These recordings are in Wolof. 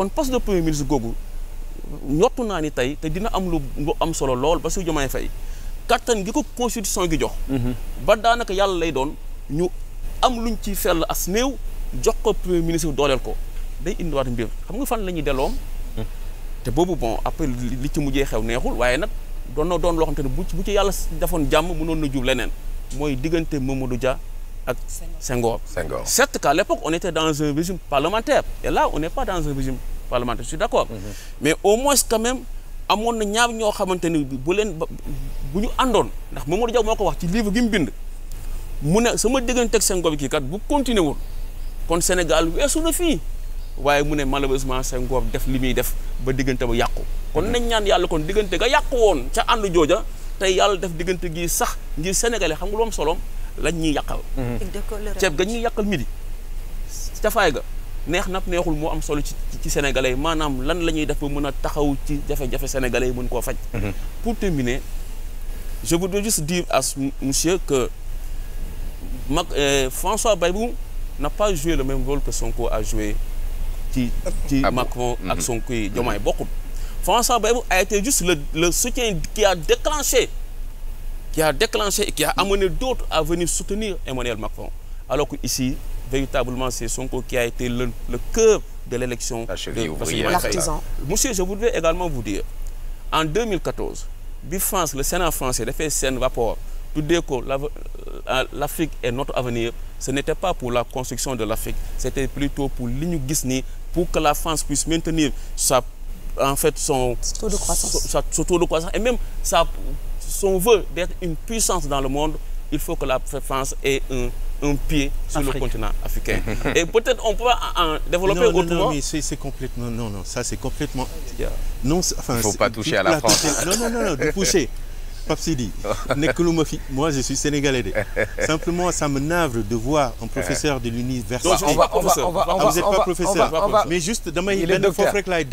kon poste de premier ministre googu ñottu naa ni tey te dina am lu lu am solo lool ba su Diomaye Faye kattan gi ko constitution gi jox. Mhm. ba daanaka yàlla lay doon ñu am luñ ci fell as néew jox ko premier ministre dooleel ko day indiwaat mbir xam nga fan la ñuy delloom mhm. te boobu bon après li ci mujjee xew neexul waaye nag doon na doon loo xam te ne bu ci bu ci yàlla defoon jàmm mënoon na jub leneen mooy diggante Mamadou Dia ak Senghor. Senghor certes qu'à l'époque on était dans un régime parlementaire et là on n'est pas dans un régime. parlementaire je suis d'accord mm-hmm. mais au moins quand même amoon na ñaar ñoo xamante ni bu leen bu ñu àndoon ndax moom Mamadou Diaw moo ko wax ci livre gi mu bind mu ne sama diggante ak Senghor kii kat bu continuer wul kon Sénégal weesu na fii waaye mu ne malheureusement Senghor def li muy def ba diggante bu yàqu kon mm-hmm. nañ ñaan yàlla kon diggante ga yàqu woon ca ànd jooja te yàlla def diggante gi sax ngir sénégalais xam nga loom am soloom lañ ñuy yàqal mm-hmm. ceeb ga ñuy yàqal midi neex nag neexul moo am solo ci ci sénégalais yi maanaam lan la ñuy def ba mën a taxaw ci jafe-jafe sénégalais yi mën koo faj. Mhm. pour terminer je voudrais juste dire à ce monsieur que mag euh, François Bayrou n'a pas joué le même rôle que Sonko a joué ci ci ah Macron ak mhm. Sonko yi Diomaye mhm. bokkul. François Bayrou a été juste le le soutien qui a déclenché qui a déclenché et qui a amené d'autres à venir soutenir Emmanuel Macron alors que ici. véritablement c'est Sonko qui a été le, le cœur de l'élection l'artisan monsieur je voudrais également vous dire en 2014 bi France le Sénat français dafay seen rapport de ko euh, l'Afrique est notre avenir ce n'était pas pour la construction de l'Afrique c'était plutôt pour li ñu gis ni pour que la France puisse maintenir sa en fait son taux de croissance sa, et même son vœu d'être une puissance dans le monde il faut que la France ait un pied sur Afrique. le continent africain. Et peut-être on pourra en développer non, autrement. Non, non, c'est complètement... Non, non, ça c'est complètement... Non, enfin, Il ne faut pas toucher à la France. non, non, non, non, du pousser. Pape Sidi, nekkuluma fi, moi je suis sénégalais. De. Simplement, ça me navre de voir un professeur de l'université. On va, on va, on va, on va, ah, vous n'êtes pas professeur. Mais juste, demain, il est fort rek lay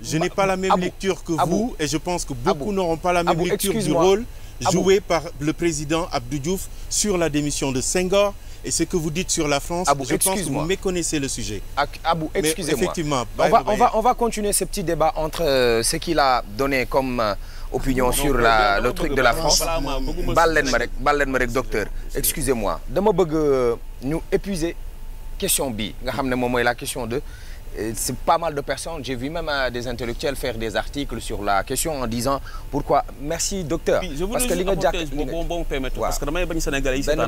Je n'ai pas la même Abou, lecture que Abou, vous et je pense que beaucoup n'auront pas la même Abou, lecture du rôle. Ah joué par le président Abdou Diouf sur la démission de Senghor et ce que vous dites sur la France, Abou, ah je pense que vous méconnaissez le sujet. Abou, ah excusez-moi. Effectivement. On va, on, va, continuer ce petit débat entre euh, ce qu'il a donné comme euh, opinion non, sur non, la, le truc de la France. Baal leen ma rek baal leen ma rek docteur excusez-moi dama bëgg euh, ñu épuiser question bi nga xam ne moom mooy la question de. c'est pas mal de personnes j'ai vu même euh, des intellectuels faire des articles sur la question en disant pourquoi merci docteur. Oui, parce que li nga jàkk boo boo permettre parce que damay bañ Sénégalais yi. benn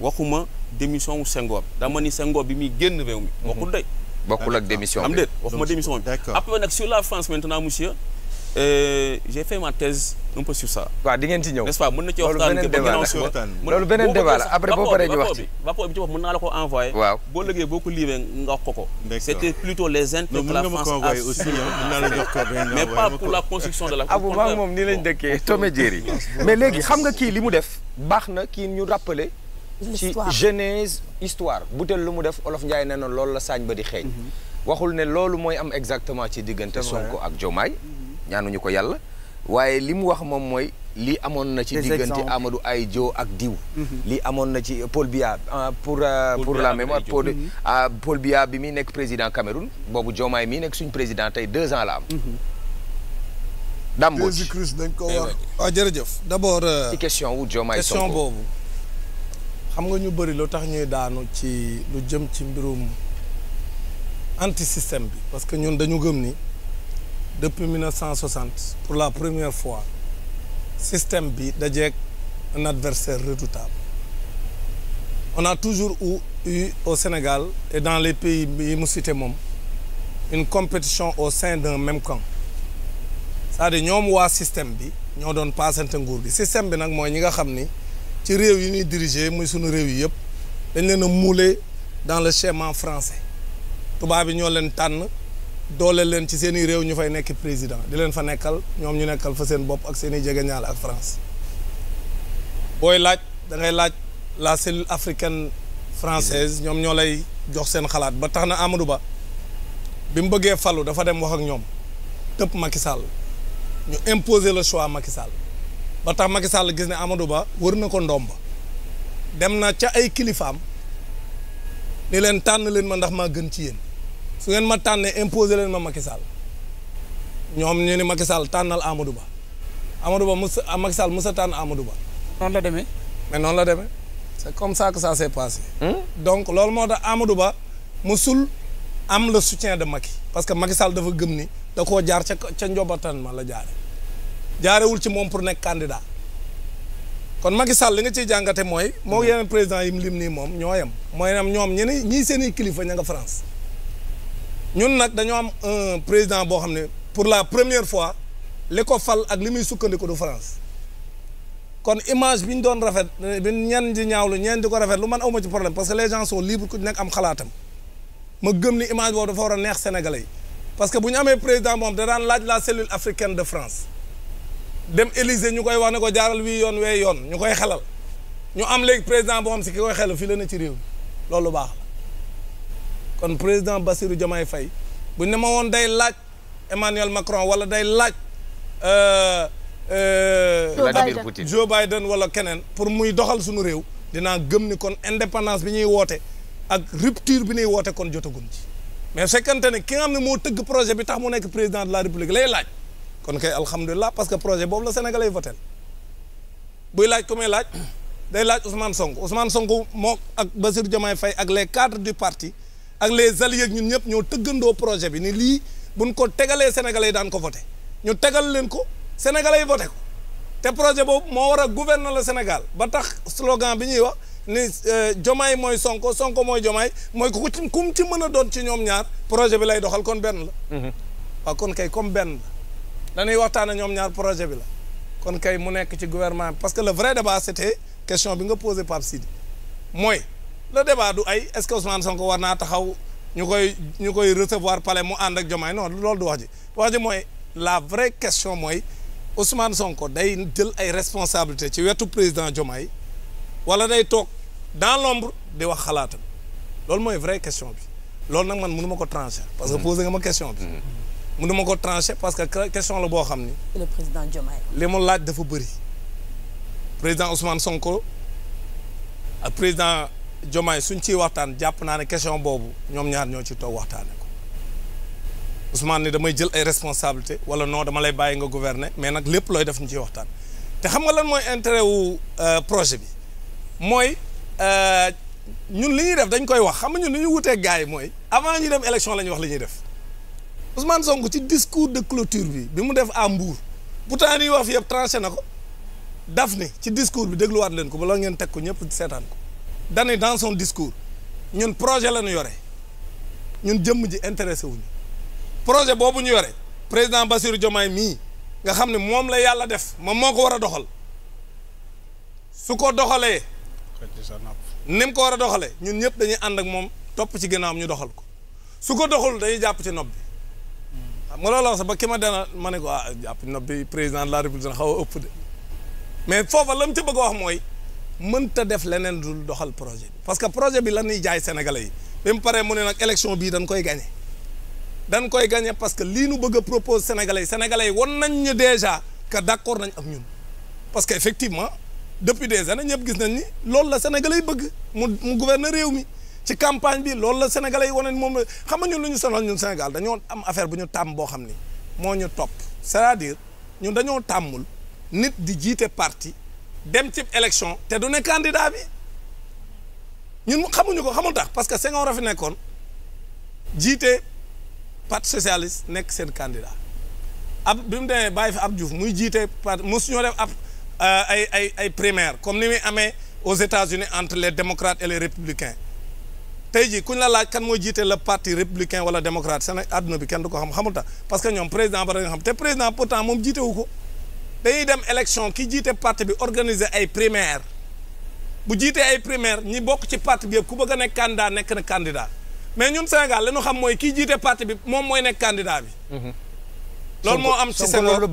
waxuma démission wu Senghor. dama ni Senghor bi muy génn réew mi. bokkul mhm. de. bokkul ak am déet sur la France maintenant monsieur. Euh, j'ai fait ma thèse. un peu sur ça. waaw di ngeen ci ñëw. n'est-ce pas na ci waxtaan ba ginnaaw si waxtaan. loolu beneen débat la après boo ko envoyé. waaw boo lëgee boo ko liiree nga wax ko ko. c'était plutôt les intérêts que la France a aussi mën naa la jox ko mais pas pour la construction de la. abou ah, maa moom nii lañ dëkkee Tomé Jerry mais léegi xam nga kii li mu def. baax na kii ñu rappeler. ci genèse histoire butel lu mu def olof Ndiaye neen na loolu la saañ ba di xeeñ mhm. waxul ne loolu mooy am exactement ci diggante Sonko ak jomaay Diomaye mhm. ñaanuñu ko yàlla waaye li mu wax moom mooy lii amoon na ci diggante Amadou Ay Dio ak diw mhm. lii amoon na ci Paul Biya euh, pour euh, pour la mémoire Paul mhm. euh, Paul Biya bi muy nekk président Cameroun boobu Diomaye mii nekk suñu président tey deux ans la am mhm. Dame Mbodj dañ ko eh wax waaw ah, jërëjëf d'abord ci question wu Diomaye Sonko question boobu xam nga ñu bëri lu tax ñuy daanu ci lu jëm ci mbirum anti système bi parce que ñun dañu gëm ni depuis 1960 pour la première fois système bi dajeeg un adversaire redoutable on a toujours eu au Sénégal et dans les pays yi mu cité moom une compétition au sein dans même camp cest à ñoom waa système bi ñoo doon paasante nguur bi système bi nag mooy ñi nga xam ni ci réew yi ñuy diriger muy sunu réew yi yëpp dañ leen a mouler dans le schéma français tubaab yi ñoo leen tànn doole leen ci seen i réew ñu fay nekk président di leen fa nekkal ñoom ñu nekkal fa seen bopp ak seeni i jegeñaale ak France booy laaj da laaj la cellule africaine française ñoom ñoo lay jox seen xalaat ba tax na Amadou Ba bi mu bëggee falu dafa dem wax ak ñoom tëpp Macky Sall ñu imposer la choix Macky Sall ba tax Macky gis ne Amadou Ba wër na ko ndomba dem na ca ay kilifaam ni leen tànn leen ma ndax maa gën ci yéen. su ngeen ma tànnee imposé leen ma Macky Sall ñoom ñu ne Macky Sall tànnal Amadou Ba Amadou Ba musa ah, Macky Sall musa tànn Amadou Ba. noonu la demee. mais noonu la demee c'est comme ça que ça s'est passé. Hmm? loolu moo tax Amadou Ba musul am le soutien de Macky parce que Macky Sall dafa gëm ni da koo jaar ca ca njobatan ma la jaare jaarewul ci moom pour nekk candidat kon Macky Sall li nga ciy jàngate mooy. moo hmm. yenn président yi lim nii moom ñoo yem. mooy ñoom ñeneen ñii seen i kilifa ña nga France. ñun nag dañoo am président boo xam ne pour la première fois li ko fal ak ni muy sukkandiku du France kon image bi ñu doon rafet bi ñenn di ñaawlu ñenn di ko rafet lu man awma ci problème parce que les gens sont ku nekk am xalaatam ma gëm ni image boobu dafa war a neex sénégalais yi parce que bu ñu amee président moom da daan laaj la cellule africaine de France dem Élysée ñu koy wax ne ko jaaral wii yoon wee yoon ñu koy xelal ñu am léegi président boo xam si ki koy xelal fii la ne ci réew loolu baax kon président Bassirou Diomaye fay bu ne ma woon day laaj Emmanuel Macron wala day laaj euh, euh, Joe Biden wala keneen pour muy doxal sunu réew dinaa gëm ni kon indépendance bi ñuy woote ak rupture bi nuy woote kon jotagun ci mais fekkante ne ki nga xam ne moo tëgg projet bi tax mu nekk président de la république lay laaj kon kay alhamdulilah parce que projet boobu la Sénégal ay voté buy laaj ku laaj day laaj Ousmane Sonko Ousmane Sonko moo ak Bassirou Diomaye Faye ak les cadres du parti ak les alliés ñun ñëpp ñoo tëggandoo projet bi ni lii buñ ko tegalee sénégalais yi daan ko voté ñu tegal leen ko sénégalais yi ko te projet boobu moo war a gouverner le Sénégal ba tax slogan bi ñuy wax ni jomaay euh, mooy sonko sonko mooy jomaay mooy ku ci kum ci mën a doon ci ñoom ñaar projet bi lay doxal kon benn la mhm. waaw kon kay comme benn la dañuy waxtaane ñoom ñaar projet bi la kon kay mu nekk ci gouvernement parce que le vrai débat c'était question bi nga posé Pape Sidi mooy le débat du ay est-ce que Ousmane Sonko war naa taxaw ñu koy ñu koy recevoir palais mu ànd ak Diomaye non loolu du wax ji wax ji mooy la vraie question mooy Ousmane Sonko day jël ay responsabilités ci wetu président Diomaye wala day toog dans l'ombre di wax xalaatam loolu mooy vraie question bi loolu nag man mënu ma ko trancher. parce que mm-hmm. posé nga ma question bi. mun mm-hmm. ma ko trancher parce que question la boo xam ni. président Diomaye. li mu laaj dafa bëri président Ousmane Sonko président. Diomaye suñ ci waxtaan jàpp naa ne question boobu ñoom ñaar ñoo ci toog waxtaan ko Ousmane ni damay jël ay responsabilité wala non dama lay bàyyi nga gouverner mais nag lépp looy def ñu ciy waxtaan te xam nga lan mooy intérêt wu euh, projet bi mooy euh, ñun li ñuy dañ koy wax xam nga ñun li ñu wutee gars yi mooy avant ñu dem élection la ñuy wax li ñuy def Ousmane sonk ci discours de clôture bi bi mu def à Mbour pourtant li ñuy wax fi yëpp tranché na ko daf ni ci discours bi dégluwaat leen ko ba ngeen teg ko ñëpp seetaan ko dane dans son discours ñun projet la ñu yore ñun jëmm ji intéressé wuñu projet boobu ñu yore président Bassirou Diomaye mii nga xam ne moom la yàlla def moom moo ko war a doxal su ko doxalee ni mu ko war a doxalee ñun ñëpp dañuy ànd ak moom topp ci ginnaawam ñu doxal ko su ko doxul dañuy jàpp ci nopp bi xam nga loolu wax sax ba ki ma dana ma ne ko ah jàpp ci président de la république xaw a ëpp de mais foofa la mu ci bëgg wax mooy mënta def leneen dul doxal projet parce que projet bi lan ñuy jaay sénégalais yi bi mu mu ne nag élection bii dañ koy gagné dañ koy gagné parce que lii nu bëgg a propose sénégalais yi sénégalais yi won nañ ñu déjà que d'accord nañ ak ñun parce que effectivement depuis des années ñëpp gis nañ ni lool la sénégalais yi bëgg mu mu gouverneur réew mi ci campagne bi loolu la sénégalais yi wane moom la xam nga ñun lu ñu sonal ñun Sénégal dañoo am affaire bu ñu tàmm boo xam ni moo ñu topp c'est-à-dire dañoo tàmmul nit di jiite parti dem ci élection te du ne candidat bi ñun xamuñu ko xamul tax parce que Senghor a fi nekkoon jiite parti socialiste nekk seen candidat ab bi mu demee bàyyi fi ab Diouf muy jiite parti mosuñoo def ab euh, ay ay ay primaire comme ni muy amee aux États-Unis entre les démocrates et les républicains tey jii kuñ la laaj kan mooy jiite le parti républicain wala démocrate seen àdduna bi kenn du ko xam xamul parce que ñoom président ba da nga xam te président pourtant moom jiite wu dañuy dem élection ki jiite parti bi organiser ay primaire bu jiitee ay primaire ñi bokk ci parti bi yëpp ku bëgg a nekk candidat nekk na candidat mais ñun Sénégal la noo xam mooy kii jiite parti bi moom mooy nekk candidat bi. Mhm. loolu moo am ci Senghor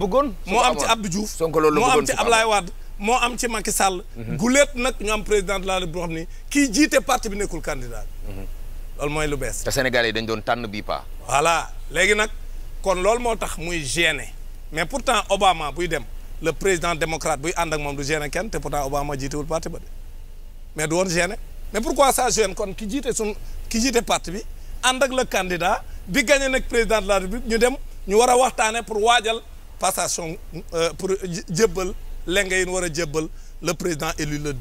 moo am ci Abdou Diouf moo am ci Ablaye Wade moo am ci Macky Sall. Mhm. guleet nag ñu am président de la République boo xam ni kii jiite parti bi nekkul candidat bi. Mhm. loolu mooy lu bees. te Sénégalais yi dañ doon tànn bii pas. voilà léegi nag kon loolu moo tax muy gêné mais pourtant Obama buy dem. le président démocrate buy ànd ak moom du gêner kenn te pourtant Obama jiitewul parti ba de mais du woon gêner mais pourquoi ça gêne kon ki jiite sun ki jiite parti bi ànd ak le candidat bi gagné nag président de la république ñu dem ñu war a waxtaane pour waajal passation euh, pour jébbal lenge yi ñu war a jébbal le président élu le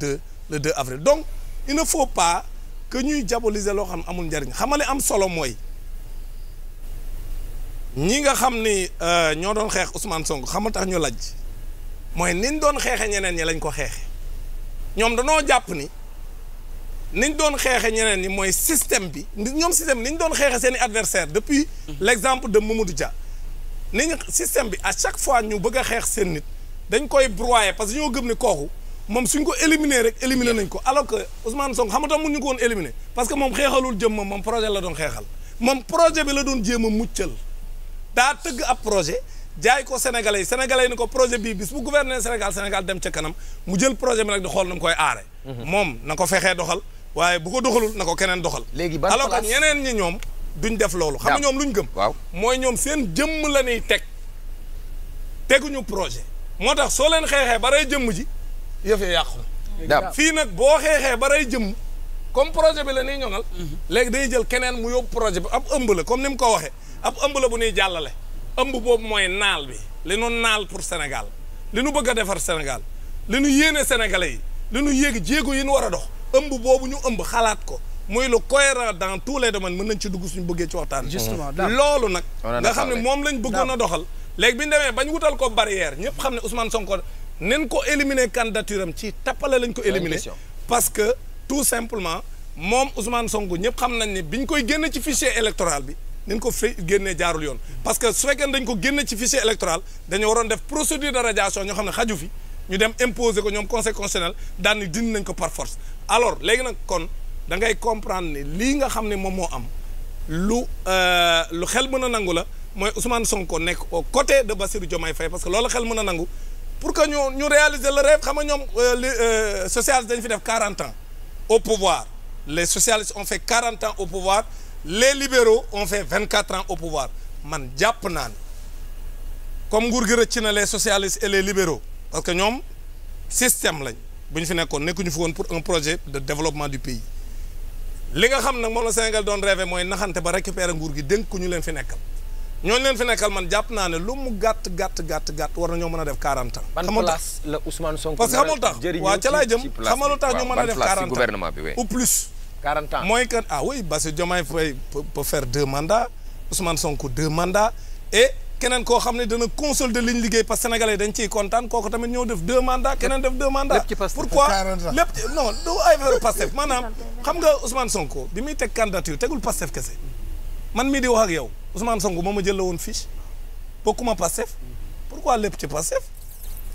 le 2 avril donc il ne faut pas que ñuy diaboliser loo xam amul njariñ xamale am solo mooy ñi nga xam ni euh, ñoo doon xeex Ousmane Sonko xam nga tax ñu lajj mooy niñ doon xeexe ñeneen ñi lañ ko xeexe ñoom danoo jàpp ni niñ doon xeexe ñeneen ñi mooy système bi ñoom système bi niñ doon xeexe seen i adversaire depuis dem mhm. de Mamadou Dia niñ système bi à chaque fois ñu bëgg a xeex seen nit dañ koy broyer parce que ñoo gëm ni kooku moom suñ ko éliminer rek éliminer nañ ko alors que Ousmane Sonko xam nga mu ñu ko woon éliminer parce que moom xeexalul jëm moom moom projet la doon xeexal moom projet bi la doon jéem a muccal daa tëgg ab projet jaay ko sénégalais yi sénégalais ni ko projet bi bis bu gouverneur Sénégal Sénégal dem ca kanam mu jël projet bi nag di xool na koy aare mhm. moom na ko fexee doxal waaye bu ko doxalul na ko keneen doxal alors que ñeneen ñi ñoom duñ def loolu xam nga ñoom luñ gëm mooy ñoom seen jëmm la ñuy teg teguñu projet moo tax soo leen xeexee ba rey jëmm ji yëfee yàqu na fii nag boo xeexee ba rey jëmm comme projet bi la ñuy ñoŋal mhm. léegi day jël keneen mu yóbbu projet bi ab ëmb la comme ni mu ko waxee ab ëmb la bu ñuy jàllale ëmb boobu mooy naal bi li nu naal pour Sénégal li nu bëgg a defar Sénégal li nu yéene Sénégalais yi li nu yéeg jéego yi nu war a dox ëmb boobu ñu ëmb xalaat ko muy lu cohérent dans tout les man mën nañ ci dugg suñ bëggee ci waxtaan justement loolu nag nga xam ne moom lañ bëggoon a doxal léegi bi ñu demee bañ wutal ko barrière ñëpp xam ne Ousmane Sonko nen ko éliminer candidature am ci tappale lañ ko éliminer parce que tout simplement moom Ousmane Sonko ñëpp xam nañ ne biñ koy génn ci fichier électoral bi nañ ko fay génnee jaarul yoon parce que su fekkee dañ ko génne ci fichier électoral dañoo waroon def procédure de radiation ñoo xam ne xaju fi ñu dem imposer ko ñoom conseil constitutionnel daan ni dindi nañ ko par force alors léegi nag kon dangay ngay comprendre lii nga xam ne moom moo am lu euh, lu xel mën a nangu la mooy Ousmane Sonko nekk au côté de Bassirou Diomaye Faye parce que loolu xel mën a nangu pour que ñu ñu réaliser le rêve xam nga ñoom euh, euh, socialiste dañ fi def 40 ans au pouvoir les socialistes ont fait 40 ans au les libéraux ont fait vingt quatre ans au pouvoir man jàpp naa ne comme nguur gi rëcc na les socialistes et les libéraux parce que ñoom système lañ bu ñu fi nekkoon nekkuñu fi woon pour un projet de développement du pays li nga xam nag moom la Sénégal doon rêvé mooy naxante ba récupérer nguur gi dénk ku ñu leen fi nekkal ñooñu leen fi nekkal man jàpp naa ne lu mu gàtt gàtt gàtt gàtt war na ñoo mën a def 40 ans. la Ousmane Sonko parce que xamul tax waa ca jëm xamalu tax ñu 40 mooy que ah oui Bassirou Diomaye Faye peut, peut faire deux mandats Ousmane Sonko deux mandats et keneen koo xam ne dana consolider li ñu liggéey parce que sénégalais dañ ciy kontaan kooku tamit ñoo def deux mandats keneen def deux mandats. lépp ci Pastef pourquoi lépp du ay affaire Pastef maanaam xam nga Ousmane Sonko bi muy teg candidature tegul Pastef kese man mii di wax ak yow Ousmane Sonko moom ma jël la woon fiche bokkuma Pastef pourquoi lépp ci Pastef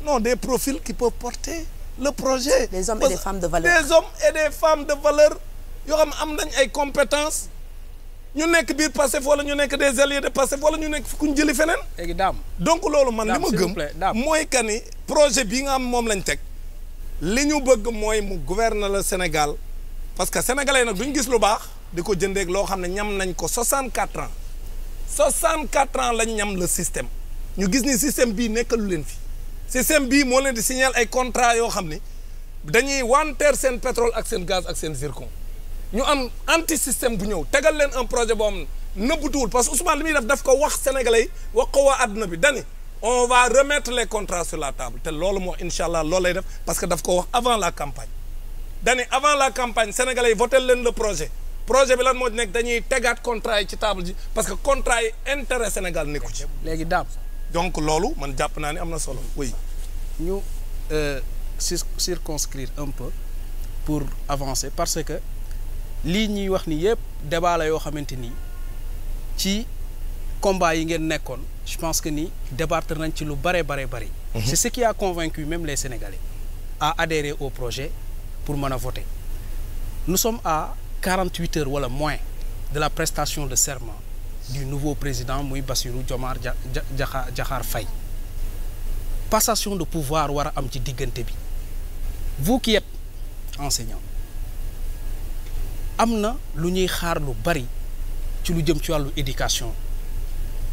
non des profil qui peuvent porter le projet. des hommes et des et des femmes de valeur. yoo xam ne am nañ ay compétence ñu nekk biir foo la ñu nekk des alliés de Pastef wala ñu nekk fu ñu jëli feneen. léegi daam donc loolu man li ma gëm mooy que ni projet bi nga am moom lañ teg. li ñu bëgg mooy mu gouverner la Sénégal parce que sénégalais nag ñu gis lu baax di ko jëndeek loo xam ne ñam nañ ko 64 ans 64 ans lañ ñam la système ñu gis ni système bii nekkalu leen fii système bii moo leen di signal ay contrat yoo xam ni dañuy wanteer seen pétrole ak seen gaz ak seen zircon. ñu am anti système bu ñëw tegal leen un projet boo xam ne nëbbutuwul parce que Ousmane li muy def daf ko wax sénégalais yi wax ko waa àdduna bi dani on va remettre les contrats sur la table te loolu moo incha allah loolu lay def parce que daf ko wax avant la campagne dani avant la campagne sénégalais yi voté leen le projet projet bi lan moo nekk dañuy tegaat contrat yi ci table ji parce que contrat yi intérêt Sénégal nekku ci. léegi daam donc loolu man jàpp naa ne am na solo oui. ñu euh, circonscrire un peu pour avancer parce que. lii ñuy wax ni yëpp débat yoo xamante ni ci combat yi ngeen nekkoon je pense que ni débattre nañ ci lu bare bare bari. Mhm. c'est ce qui a convaincu même les Sénégalais à adhérer au projet pour mën a voter nous sommes à 48 heures wala moins de la prestation de serment du nouveau président muy Bassirou Diomaye Diakhar Faye passation de pouvoir war a am ci diggante bi vous qui enseignant am na lu ñuy xaar lu bari ci lu jëm ci wàllu éducation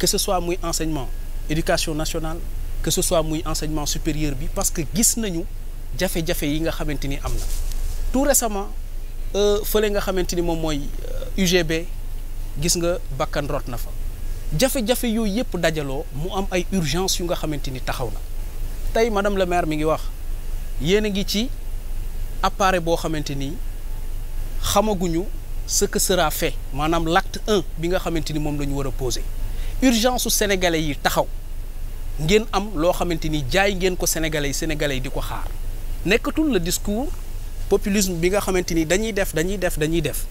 que ce soit muy enseignement éducation nationale que ce soit muy enseignement supérieur bi parce que gis nañu jafe-jafe yi nga xamante ni am na tout récemment euh, fële nga xamante ni moom mooy UGB euh, gis nga bakkan rot na fa jafe-jafe yooyu yëpp dajaloo mu am ay urgence yu nga xamante ni taxaw na tey madame le maire mi ngi wax yéen a ngi ci appareil boo xamante ni. xamaguñu ce que sera fait maanaam l'acte un bi nga xamante ni moom lañu ñu war a poser urgence su sénégalais yi taxaw ngeen am loo xamante ni jaay ngeen ko sénégalais yi sénégalais yi di ko xaar nekkatul le discours populisme bi nga xamante ni dañuy def dañuy def dañuy def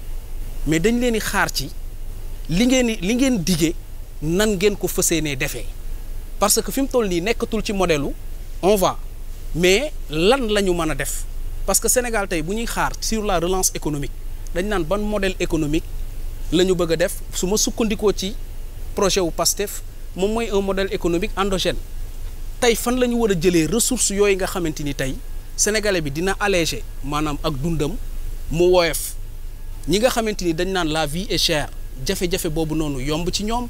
mais dañ leen di xaar ci li ngeen li ngeen diggee nan ngeen ko fësee ne defee parce que fi mu toll nii nekkatul ci modèle on va mais lan la ñu mën a def. parce que Sénégal tey bu ñuy xaar sur la relance économique dañ naan ban modèle économique la ñu bëgg a def su ma sukkandikoo ci projet wu PASTEF moom mooy un modèle économique endogène tey fan la ñu war a jëlee ressources yooyu nga xamante ni tey sénégalais bi dina allégé maanaam ak dundam mu woyof ñi nga xamante ni dañ naan la vie et cher jafe-jafe boobu noonu yomb ci ñoom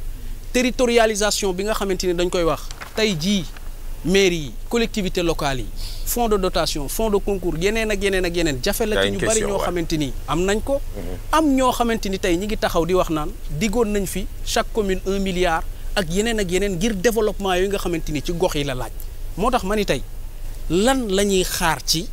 territorialisation bi nga xamante ni dañ koy wax tey jii. mairie yi collectivité locale yi fonds de dotation fonds de concours yeneen ak yeneen ak yeneen jafe la te ñu bari ñoo xamante ni am nañ ko mhm. am ñoo xamante ni tey ñi ngi taxaw di wax naan diggoon nañ fi chaque commune un milliard ak yeneen ak yeneen ngir développement yooyu nga xamante ni ci gox yi la laaj moo tax ma ni tey lan la ñuy xaar ci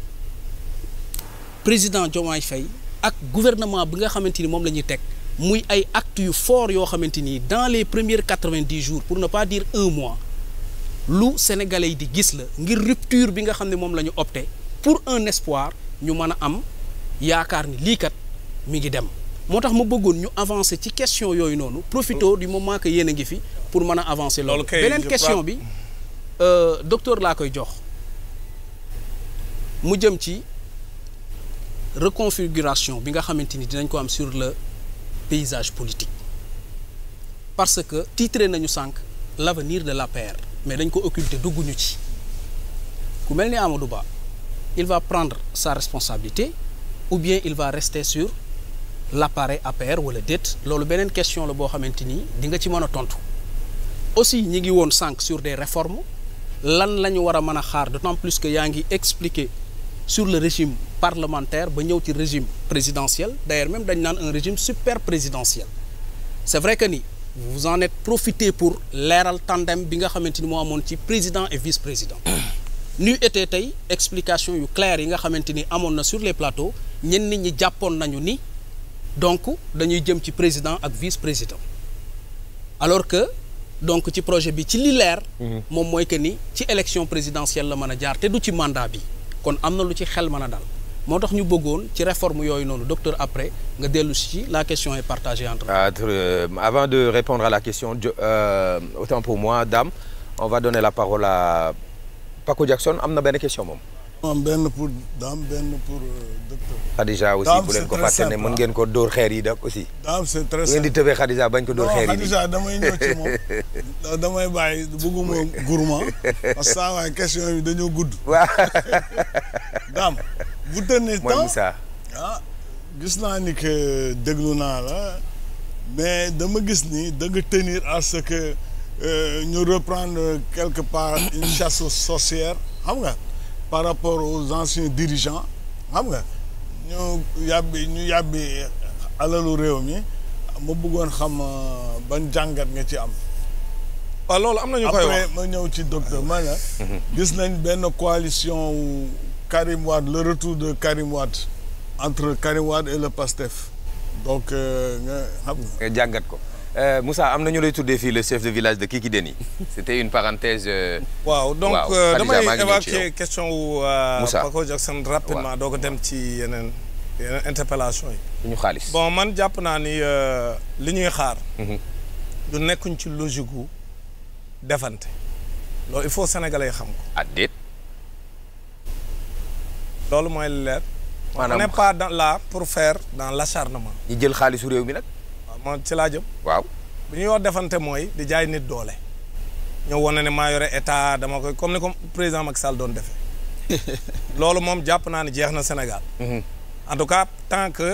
président Diomaye Faye ak gouvernement bi nga xamante ni moom la ñuy teg muy ay actes yu fort yoo xamante ni dans les premiers quatre-vingt-dix pour ne pas dire un mois lu sénégalais yi di gis la ngir rupture bi nga xam ne moom la ñu opté pour un espoir ñu mën a am yaakaar ni liikat kat mi ngi dem moo tax ma bëggoon ñu avancer ci question yooyu noonu profito di moment que yéen a ngi fi pour mën a avancer loolu beneen question bi euh, docteur laa koy jox mu jëm ci reconfiguration bi nga xamante ni dinañ ko am sur le paysage politique parce que titré nañu sànq lavenir de la l'APR mais dañ ko occulter dugguñu ci ku mel ni Amadou Ba il va prendre sa responsabilité ou bien il va rester sur l'appareil APR wala déet loolu beneen question la boo xamante ni di nga ci mën a tontu aussi ñi ngi woon sànq sur des réformes lan la ñu war a mën a xaar d'autant plus que yaa ngi expliquer sur le régime parlementaire ba ñëw ci régime présidentiel d'ailleurs même dañ naan un régime super présidentiel c'est vrai que ni vous en êtes profité pour leeral tandem bi nga xamante ni moo amoon ci président et vice-président nu été tey explication yu claire yi nga xamante ni amoon na sur les plateaux ñenn nit ñi jàppoon nañu ni donc dañuy jëm ci président ak vice-président alors que donc ci projet bi ci li leer mhm. moom mooy que ni ci élection présidentielle la mën a jaar te du ci mandat bi kon am na lu ci xel mën a dal moo tax ñu bëggoon ci réforme yooyu noonu docteur après nga dellu si la question est partagée entre euh, avant de répondre à la question euh, autant pour moi dame on va donner la parole à Paco Jackson am na benn question moom am benn pour daam benn euh, aussi bu leen ko fàtte ne mën ngeen ko dóor xeer yi dak aussi. daam c'est très simple ngeen di tëbee Khadija bañ ko dóor xeer yi. Khadija damay ñëw ci moom damay bàyyi bëgguma gourmand parce que question yi dañoo gudd. waaw bu dernier temps mooy ah gis naa ni que déglu naa la mais dama gis ni da nga tenir à ce que euh, ñu reprendre quelque part une chasse aux xam nga par rapport aux anciens dirigeants xam nga ñu yàbbi ñu yàbbi alalu réew mi ma buggoon xam euh, ban jàngat nga ci am. waaw ah, loolu am na ñu koy wax ma ñëw ci docteur ma gis nañ benn coalition wu Karim Wade le retour de Karim Wade entre Karim Wade et le PASTEF donc jàggat euh, xam nga. jàngat ko euh, Moussa am na ñu lay tuddee fii le chef de village de Kikidène yi c'était une parenthèse. Euh, waaw donc damay évoquer question wu. Moussa Paco Jackson rapidement doo ko dem ci yeneen yeneen interpellation yi. ñu xaalis bon man jàpp naa ni li ñuy xaar. Mhm. du nekkuñ ci logique gu defante. loolu il faut sénégalais xam ko. ah loolu mooy leer. maanaam on n'est pas dans là pour faire dans l'acharnement. ñi jël xaalisu réew mi nag. ci laa waaw bu ñuy wax defante mooy di jaay nit doole. ñoo wane ne maa yore état dama koy comme président Macky Sall doon loolu moom jàpp naa ne jeex na Sénégal. Mhm. en tout cas tant que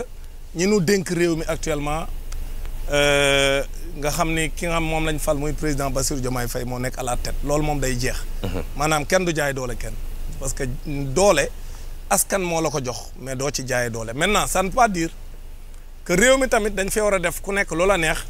ñi nu dénk réew mi actuellement euh, nga xam ni ki nga xam moom lañ fal muy président Bassirou Diomaye fay moo nekk à la tête loolu moom day jeex. Mhm. maanaam kenn du jaay doole kenn parce que doole. askan moo la ko jox mais doo ci jaay doole maintenant ça ne veut pas dire que réew mi tamit dañ fee war a def ku nekk loolu a neex